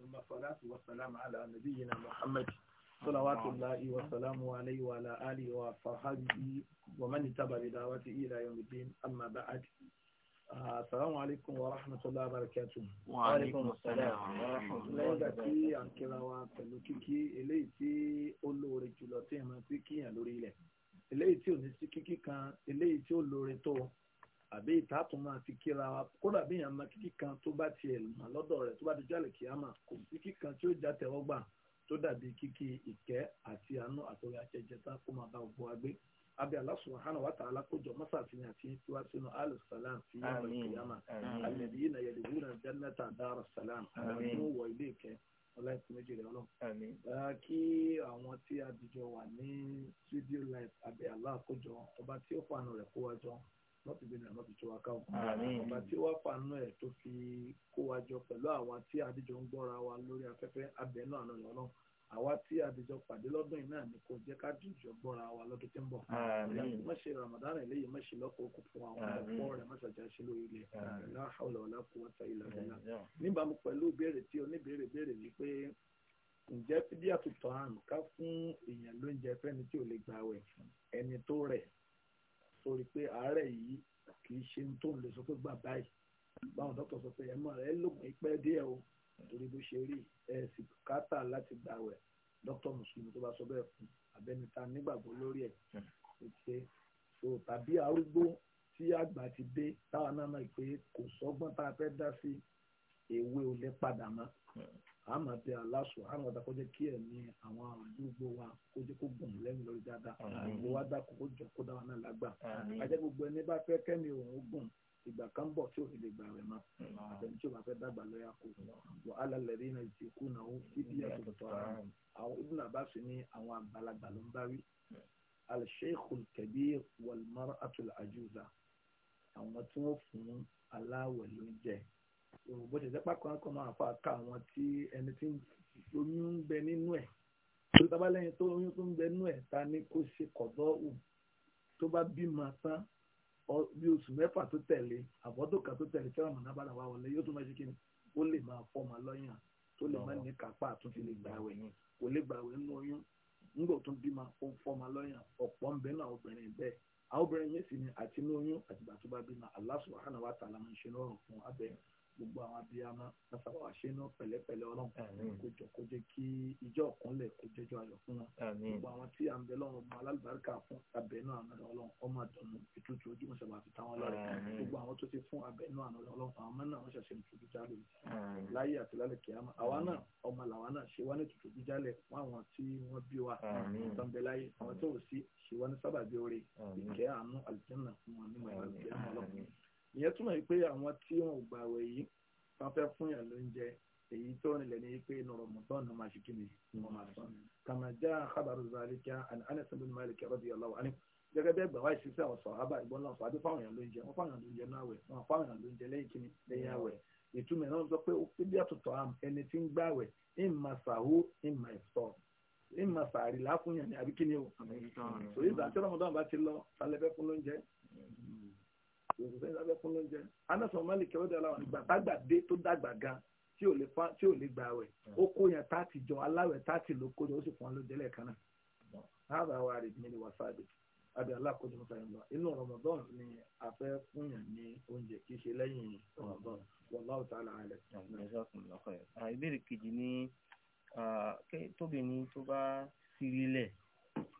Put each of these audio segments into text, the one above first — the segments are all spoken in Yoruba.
ثم الصلاة والسلام على نبينا محمد صلوات الله وسلامه عليه وعلى آله وصحبه ومن اتبع بدعوته إلى يوم الدين أما بعد السلام عليكم ورحمة الله وبركاته وعليكم السلام ورحمة الله وبركاته lẹ́yìn tí àkẹ́rà wa pẹ̀lú kíkí eléyìí tí ó lóore jùlọ tí ẹ̀ máa ti kíyàn lórí ilẹ̀ eléyìí tí àbí ìtàtún máa fi kíra wa kódà bí èèyàn máa kíkí kan tó bá tiẹ̀ mọ̀ lọ́dọ̀ rẹ̀ tó bá ti jálè kíámà kò sí kíkan tí ó já tẹ̀wọ́gbà tó dàbí kíkí ìkẹ́ àti àánú àtọ́rí ajẹjẹta kó máa bá gbogbo wa abẹ́ Allah subhanahu wa ta'ala alákójọ mọ́sàfihàn àti tiwa sínú alùsàlám fi yàrá kíámà àlẹ́bí yìí náà yẹ̀dẹ̀ wúrà jannata dára sàlám àlẹ́bí wọ ilé ìkẹ́ ọláìsí méjì rẹ̀ ọlọ́run kí àwọn tí a dìjọ wà ní fídíò láìpẹ́ abẹ́ alákójọ ọba tí ó lọ́tì gbé náà lọ́tì tó wá káwọn. ọba tí wàá fanú ẹ̀ tó fi kó wa jọ pẹ̀lú àwa tí àdìjọ ń gbọ́ra wa lórí afẹ́fẹ́ abẹ́nú àná lọ́nà àwa tí àdìjọ pàdé lọ́dún yìí náà ni kò jẹ́ ká dìjọ gbọ́ra wa lọ́dún tí ń bọ̀. mọ̀ṣẹ́ Ramadan eléyìí mọ̀ṣẹ́ lọ́kọ̀ okùn fún àwọn ọ̀pọ̀ rẹ̀ mọ̀ṣàjà ṣe lórí ilẹ̀ la hawla wala quwwata illa ni pé ǹjẹ́ fídíà tuntun ó rí i pé àárẹ̀ yìí kì í ṣe tó ń lè sọ pé gbà báyìí báwọn dókítà sọ pé ẹ̀mọ́ rẹ̀ lóògùn ìpẹ́ díẹ̀ o torí bó ṣe rí ẹ̀ sì kátà láti gbàwẹ̀ dókítà mùsùlùmí tó bá sọ bẹ́ẹ̀ fún abẹ́nita nígbàgbọ́ lórí ẹ̀ ṣe so tàbí arúgbó tí àgbà ti dé táwọn náà mọ̀ pé kò sọ́gbọ́n tá a fẹ́ dá sí ewé ò padà mọ́ a máa bẹ Allah subhanahu wa ta'ala kó jẹ́ kí ẹ̀mí àwọn àdúgbò wa kó jẹ́ kó gbọ̀n lẹ́yìn lórí dáadáa gbogbo wa dákun kó jọ kó dáwọn náà lágbà àjẹ́ gbogbo ẹni bá fẹ́ kẹ́mi òun gùn ìgbà kan bọ̀ tí òfin lè gbà rẹ̀ mọ́ àtẹni tí o bá fẹ́ dàgbà lọ́yà kó wà á lálẹ́rí iná ìtì kú náà ó fi bí ẹ̀sùn ara àwọn ibùdó àbá ní àwọn àgbàlagbà ló ń bá rí al-sheikhul kabir wal mar'atul àwọn tí wọ́n fún aláwẹ̀ ló ń jẹ́ so bó ṣe jẹ́ pápá kan máa fa ka àwọn tí ẹni tí oyún ń bẹ nínú ẹ̀ tó tábà lẹ́yìn tó oyún tó ń bẹ nínú ẹ̀ ta ni kó ṣe kọ̀dọ̀ òun tó bá bímọ tán bí oṣù mẹ́fà tó tẹ̀lé àbọ̀dọ̀ kan tó tẹ̀lé tí wọ́n mọ̀nà bára wa wọlé yóò tún máa ṣe kí ni ó lè máa fọ́mọ lọ́yàn tó lè má ní kápá àtúntì lè gbà wẹ̀ yẹn kò lè gbà wẹ̀ nínú oyún nígbà tó bímọ ó fọ́mọ lọ́yàn ọ̀pọ̀ ń bẹ náà obìnrin bẹ́ẹ̀ àwọn obìnrin yẹn sì ni àti inú oyún àtìgbà tó bá bímọ Allah subhanahu wa ta'ala máa ń ṣe lọ́rùn fún abẹ́yẹn gbogbo àwọn abiyamọ lọ́sàbọ̀ àṣẹnú pẹ̀lẹ́pẹ̀lẹ́ ọlọ́run kó jọ kó jẹ́ kí ìjọ ọ̀kúnlẹ̀ kó jọjọ ayọ̀ fún wọn gbogbo àwọn tí à ń bẹ lọ́run ọmọ alálùbáríkà fún abẹ́nú àná ọlọ́run ọmọ àdánù ìtútù ojúmọ̀ sábà fi táwọn lọ́rẹ̀ gbogbo àwọn tó ti fún abẹ́nú àná ọlọ́run àwọn mẹ́rin àwọn ṣẹ̀ṣẹ̀ ìtútù jálẹ̀ láyé àti lálẹ́ kìámà àwa náà ọmọ làwa náà ṣe wá ní ìtútù jálẹ̀ fún àwọn tí wọ́n bí ìyẹn túmọ̀ yìí pé àwọn tí wọn ò gbàwẹ̀ yìí wọn fẹ́ fún yàn lóúnjẹ èyí tó nílẹ̀ ní pé nọ̀rọ̀ mọ̀tọ́n náà máa ṣe kí ni wọ́n máa sọ. kàmá já kábàrú zalika àni Anas bin Malik radiyallahu anhu gẹ́gẹ́ bẹ́ẹ̀ gbàwá ìṣiṣẹ́ àwọn sọ̀hábà ìbọn náà fàájú fáwọn èèyàn lóúnjẹ wọ́n fáwọn èèyàn lóúnjẹ náà wẹ̀ wọ́n fáwọn èèyàn lóúnjẹ lẹ́yìn kí ni lẹ́yìn àwẹ̀ ìtumọ̀ náà sọ pé ó pé bí àtúntò àm ẹni tí ń gbàwẹ̀ ìmà sàhó ìmà ìfọ̀ ìmà sàárì láfún yàn ní àbíkíni o. sòrí ìgbà tí Ramadan bá ti lọ sálẹ́fẹ́ fún lóúnjẹ òṣìṣẹ́ ìdájọ́ fún lóúnjẹ anásán mọ́lì kẹwọ́dẹ aláwọ̀ ìgbà tágbà dé tó dàgbà gan tí ò lè fa tí ò lè gbà wẹ̀ ó kó yẹn táàtì jọ aláwẹ̀ táàtì ló kó jọ ó sì fún lóúnjẹ lẹ́ẹ̀kan náà náà wà rè mí ni wà sáàdì abẹ alákòjú mọ́ta yẹn lọ inú Ramadan ni a fẹ́ fún yẹn ní oúnjẹ kì í ṣe lẹ́yìn Ramadan wallahu ta'ala alam. ìbéèrè kejì ni ah, tóbi ni tó bá sírí lẹ̀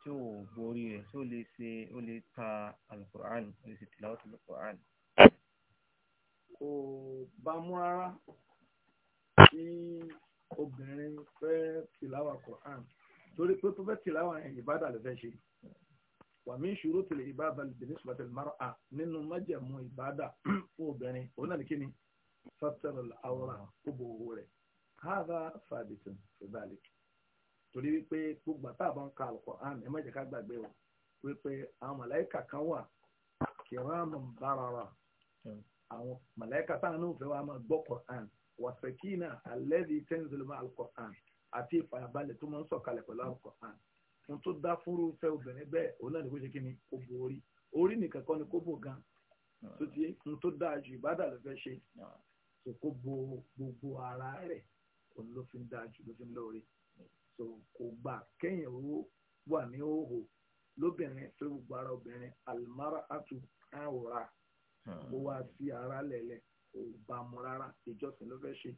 tí ò borí rẹ̀ tí ó lè ṣe ó lè ka alukur'an ó lè ṣe tìlàwọ́ tó alukur'an. kò bá mú rárá tí obìnrin fẹ́ tìlàwọ́ alukur'an torí pé tó fẹ́ tìlàwọ́ yẹn ìbádà ló fẹ́ ṣe wà mí ṣòro tìlẹ̀ ìbádà binisbat al-mar'a nínú májẹ̀mú ìbádà fún obìnrin òun náà ní kíni sátẹ̀rẹ̀ àwòrán kó bo owó rẹ̀ hàdà fàdìtì fìbálẹ̀ kì torí wípé gbogbo àtàbọ̀ ń ka Al-Qur'an ẹ má jẹ́ ká gbàgbé o wípé àwọn màláìkà kan wà kiraman barara àwọn màláìkà táwọn náà fẹ́ wá máa gbọ́ Qur'an wàsàkínà alladhi tanzilu ma'a Al-Qur'an àti ìfàyàbalẹ̀ tó máa ń sọ̀kalẹ̀ pẹ̀lú Al-Qur'an fún tó dá fúru fẹ́ obìnrin bẹ́ẹ̀ òun náà ní kó ṣe kí ni kó bo orí orí nìkan kọ́ ni kó bò gan tó ti fún tó dáa ju ìbádà ló fẹ́ ṣe kó bo gbogbo ara rẹ̀ òun ló fi ń dáa ju ló fi ń lọ orí so kò gbà kéèyàn ó wà ní òhò lóbìnrin tó gbogbo ara obìnrin alimara atu àwòrán hmm. ó wá sí ara lẹ̀lẹ̀ kò bá mu rárá ìjọsìn ló fẹ́ ṣe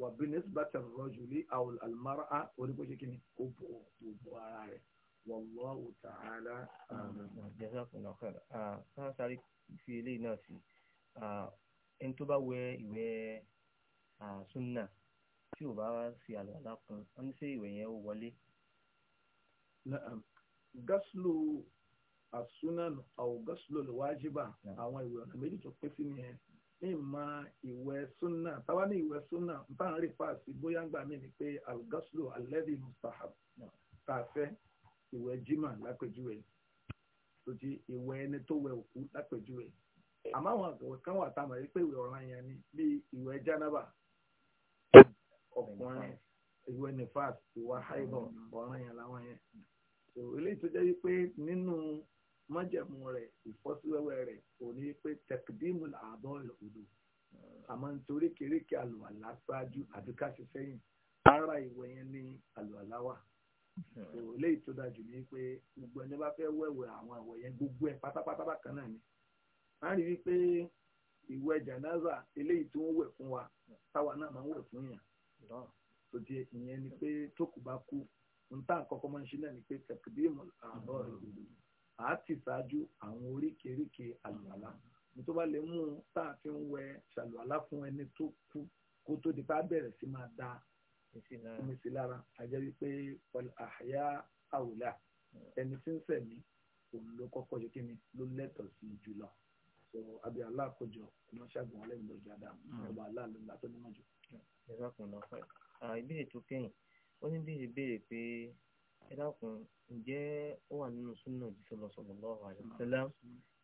wà bínísì bá tẹ̀ rọ́jò lé àwọn alimara á orí bó ṣe kí ni kò bò gbogbo ara rẹ̀ wàlláhu ta'ala. Hmm, hmm, jazakumullah khair sáà ah, sáré fi eléyìí náà sí ah, ẹni tó bá wẹ ìwẹ̀ ah, sunna tí ò bá ṣe àlùwàlá kan wọ́n ní ṣé ìwẹ̀ yẹn ó wọlé. gásùlù àsúnan àwọn gásùlù lọ́wájúbà àwọn ìwẹ̀ ọ̀nà méjì tó pé sí nìyẹn ní ìmọ̀ ìwẹ̀ súnà táwa ní ìwẹ̀ súnà bá ń rí paasi bóyá ń gbà mí ni pé algaslo alẹ́dì mustahab tá a fẹ́ ìwẹ̀ jimá lápẹ̀júwe tòjì ìwẹ̀ ẹni tó wẹ̀ òkú lápẹ̀júwe àmọ́ àwọn àgbẹ̀ kan wà tá a mọ̀ wípé ìwẹ̀ ọ̀ranyàn ni bíi ìwẹ̀ jánábà ọkùnrin ìwé nifas ìwà haibọ ọ̀ràn yẹn làwọn yẹn so eléyìí tó jẹ́ wípé nínú májẹ̀mú rẹ̀ ìfọ́síwẹ́wẹ́ rẹ̀ kò ní pé tẹkidimu àbọ̀ ìlòdò àmọ́ nítorí kéréke àlùwàlá ṣáájú àti káṣí sẹ́yìn ara ìwẹ̀ yẹn ní àlùwàlá wà so eléyìí tó dájú ní pé gbogbo ẹni bá fẹ́ wẹ̀wẹ̀ àwọn àwẹ̀ yẹn gbogbo ẹ̀ pátápátá bákan náà ni a rí i pé ìwẹ̀ jàǹdáza eléyìí tó ń wẹ̀ fún wa táwa náà máa ń wẹ̀ fún yàn àṣírọ́ tó ìyẹn ni pé tó kù bá kú nta àkọ́kọ́ máa ń ṣe náà ni pé tẹ̀kídìmù àárọ̀ rẹ̀ á ti ṣáájú àwọn oríkèéríkèé àlùwàlá ní tó bá lè mú un tá a fi ń wẹ ṣàlùwàlá fún ẹni tó kú kó tó di pa bẹ̀rẹ̀ sí máa da ìmísí lára àjẹ́ wípé àyà àwùlà ẹni tí ń sẹ̀mí òun ló kọ́kọ́ ṣe kí ni ló lẹ́tọ̀ọ́ sí jùlọ so abi allah kojọ ọmọ ṣàgbọn ọlẹ́mi lọ́jọ́ adam hmm. ọba allah ló ń gbà tó nímọ̀ jù. ìbéèrè tó kẹ́yìn ó ní bíi béèrè pé ẹ dákun ǹjẹ́ ó wà nínú súnà jù sọlọ sallallahu alaihi wasallam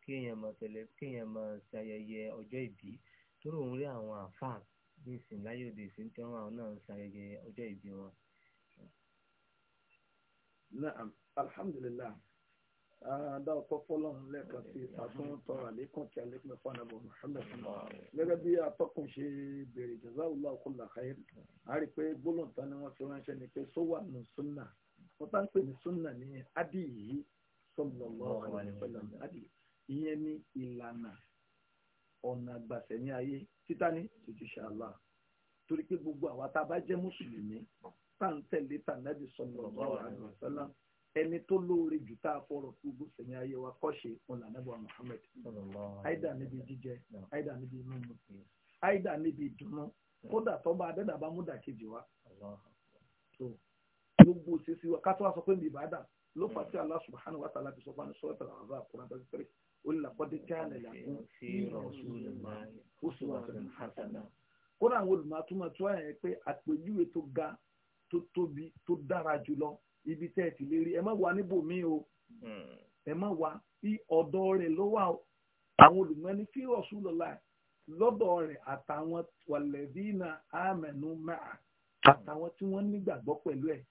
kí èèyàn máa tẹ̀lé kí èèyàn máa ṣe ayẹyẹ ọjọ́ ìbí torí òun rí àwọn àfáà ní ìsìn láyé òde ìsìn tí wọn àwọn náà ń ṣe ayẹyẹ ọjọ́ ìbí wọn. naam alhamdulilayi dáwọ fọfọlọrun lẹ́ẹ̀kan sí ìtàkùn tọrọ àlékún tí àlékún ẹfọ ànàbọ Muhammad gẹ́gẹ́ bí atọ́kùn ṣe bèrè jazakallahu kulla khair a rí i pé gbólóǹtà ni wọn fi ránṣẹ́ ni pé sówà nù súnà wọn bá ń pè ní súnà ní adì yìí sallallahu adì ìyẹn ní ìlànà ọ̀nà àgbàṣẹ ní ayé títà ní tòjúṣe Allah torí pé gbogbo àwa tá a bá jẹ́ mùsùlùmí tá à ń tẹ̀lé tànàbì sallallahu alaihi wasallam ẹni tó lóore jù tá a fọ̀rọ̀ fún gbogbo sẹyìn ayé wa kọ́ṣe ọlà nàbà Muhammad àìdá níbi jíjẹ àìdá níbi mímu àìdá níbi ìdùnnú kódà tọba adẹ́dàbá múdàkejì wa tó gbogbo òṣèṣì wa kátó wa sọ pé mi ìbàdà ló fà sí Allah subhanahu wa ta'ala fi sọ fún anisọ́rọ̀ tàlà àbá àkùrọ̀ àbá pẹ́rẹ́ olùlàkọ́dé káàlẹ̀ làkún sí uswatun hasana kódà àwọn olùmọ̀ àtúmọ̀ tó wáyà yẹn pé àpèjúwe tó ga tó tóbi tó dára jùlọ ibi tẹ́ ẹ ti lè ẹ má wà níbòmí o hmm. ẹ má wà bí ọ̀dọ̀ rẹ̀ ló àwọn olùmọ̀ẹ́ni kí Rasulullah lọ́dọ̀ rẹ̀ àtàwọn wàlẹ́dínà àmẹ̀nú máa àtàwọn tí wọ́n nígbàgbọ́ pẹ̀lú ẹ̀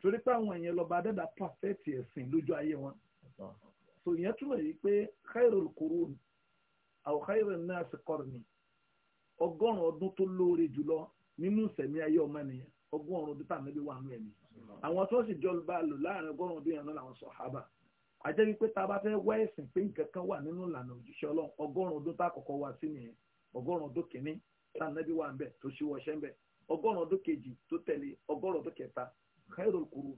torí pé àwọn èèyàn lọ́ba adẹ́dà pàfẹ́ẹ̀tì ẹ̀sìn lójú ayé wọn so ìyẹn túmọ̀ yìí pé ọgọ́rùn-ún dúpọ̀ àmẹ́bí wà nú ẹ̀mí àwọn tó sì jọ bá lò láàrin ọgọ́rùn-ún ọdún yẹn náà làwọn sàhábà àjẹ́ wípé tá a bá fẹ́ wá ẹ̀sìn pé nǹkan kan wà nínú ìlànà òjíṣẹ́ ọlọ́run ọgọ́rùn-ún ọdún tá àkọ́kọ́ wá sí nìyẹn ọgọ́rùn-ún ọdún kìíní tá ànábì wà ń bẹ̀ tó ṣíwọ́ ṣẹ́ ń bẹ̀ ọgọ́rùn-ún ọdún kejì tó tẹ̀lé ọgọ́rùn-ún ọdún kẹta khairul qurun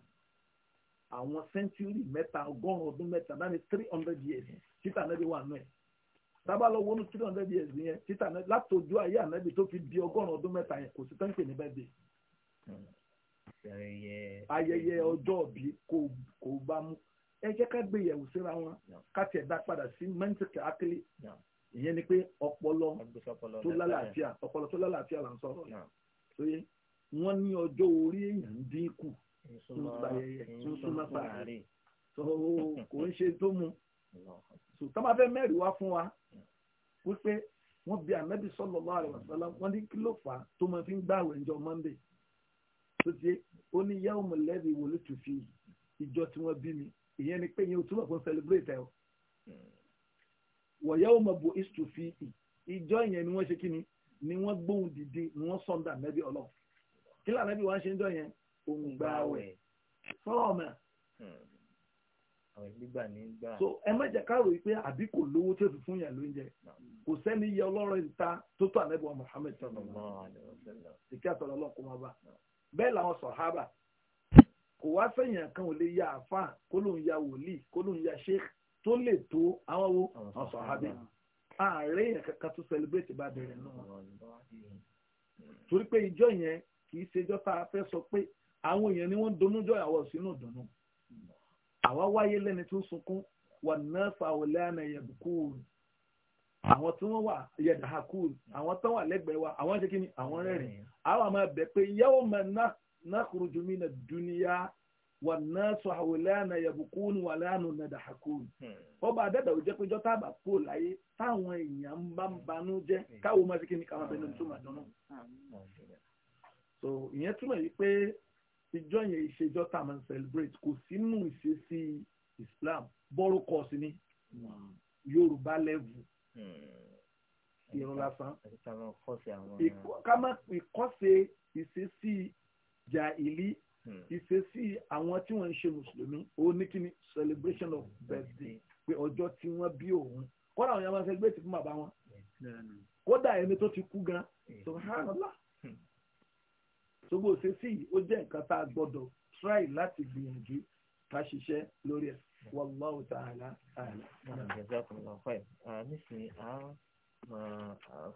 àwọn sẹ́ńtúrì mẹ́ta ọgọ́rùn three hundred years títà ànábì wà nù ẹ̀ tábà lọ wọnú three hundred years yẹn títà ànábì látòjú ayé ànábì tó fi di ọgọ́rùn-ún ọdún mẹ́ta yẹn kò sí tẹ́ńpẹ̀ ní bẹ́ẹ̀ ayẹyẹ ọjọ́ òbí kò bá mú ẹ jẹ́ ká gbé yẹ̀wò síra wọn ká tiẹ̀ dá padà sí mẹ́ńtìkì ákílì ìyẹn ni pé ọpọlọ tó lálàáfíà ọpọlọ tó lálàáfíà là ń sọ̀rọ̀ yẹn sóyè wọ́n ní ọjọ́ orí èèyàn dín kù tún súnmọ́ sàárè tó kò ń ṣe tó mu so tó máa fẹ́ mẹ́rin wá fún wa wípé wọ́n bí anabi sallallahu alaihi wasallam wọ́n ní kí ló fà á tó máa fi ń gbààwẹ̀ ńjọ́ monday tó ti ó ní yẹ́wò mọ̀lẹ́bí wo ló tù ìjọ tí wọ́n bí mi ìyẹn ni pé yẹn o túmọ̀ pé ń celebrate ẹ o wọ̀ yẹ́wò mọ̀ bò is tù fi ìjọ yẹn ni wọ́n ṣe kí ni ni wọ́n gbóhùn dìde ni wọ́n sọ̀ndà nẹ́bí ọlọ́ kí lànà bí wọ́n ṣe ń jọ yẹn òun hmm. gbà wẹ̀ sọ́ọ̀mù so ẹ má jẹ ká ròyìn pé àbí kò lówó tó fi fún yàn lóúnjẹ kò sẹ́ni yẹ ọlọ́rọ̀ ìta tó tó ànábì wa Muhammad sọlọ ìkí àtọlọ ọlọkùnrin wa bá bẹ́ẹ̀ làwọn sọ̀hábà kò wá sẹ́yìn kan ò lè ya àfáà kó ló ń ya wòlíì kó ló ń ya sheikh tó lè tó àwọn wo àwọn sọ̀hábà ààrẹ yẹn kankan tó celebrate bá bẹ̀rẹ̀ nù wọn. torí pé ìjọ yẹn kì í ṣèjọ́ tá a fẹ́ sọ pé àwọn èèyàn ni wọ́n ń donújọ́ àwọ̀ sínú ìdùnnú àwa wáyé lẹ́ni tó sunkún wà náà fà wọlé àná yẹ̀bùkú òòrùn àwọn tí wọ́n wà yẹ̀dà hakul àwọn tó wà lẹ́gbẹ̀ẹ́ wa àwọn ṣe kí ni àwọn rẹ̀rìn àwọn àmọ́ ẹ̀bẹ̀ pé yawma nakhruju mina dunya wà náà sọ àwòlẹ́àna yẹ̀bùkún wà láàánú nàdà hakun. Hmm. ọba àdẹ́dà ò jẹ́ pé jọ́ tábà kó láyé táwọn èèyàn bá ń banú jẹ́ hmm. káwọn máa ṣe kí ni káwọn abẹ́ni tó máa hmm. dáná. so ìyẹn túmọ̀ yìí pé ìjọ yẹn ìṣèjọ́ tá celebrate kò sínú ìṣesí Islam bọ́rọ̀ kọ́ọ̀sì ni Yorùbá level Hmm. irun lásán ìkọ́sẹ̀ ìṣesí jàìlì hmm. ìṣesí àwọn tí wọ́n ń ṣe mùsùlùmí òun ní kíni celebration of hmm. birthday pé ọjọ́ tí wọ́n bí òun kódà àwọn yàrá máa ń sẹgbẹ́ tì fún bàbá wọn kódà ẹni tó ti kú gan subhanallah gbogbo òṣèṣì ó jẹ́ nǹkan tá a gbọ́dọ̀ try láti gbìyànjú ká ṣiṣẹ́ lórí ẹ̀ wallahu ta'ala àlà. nísìnyí a máa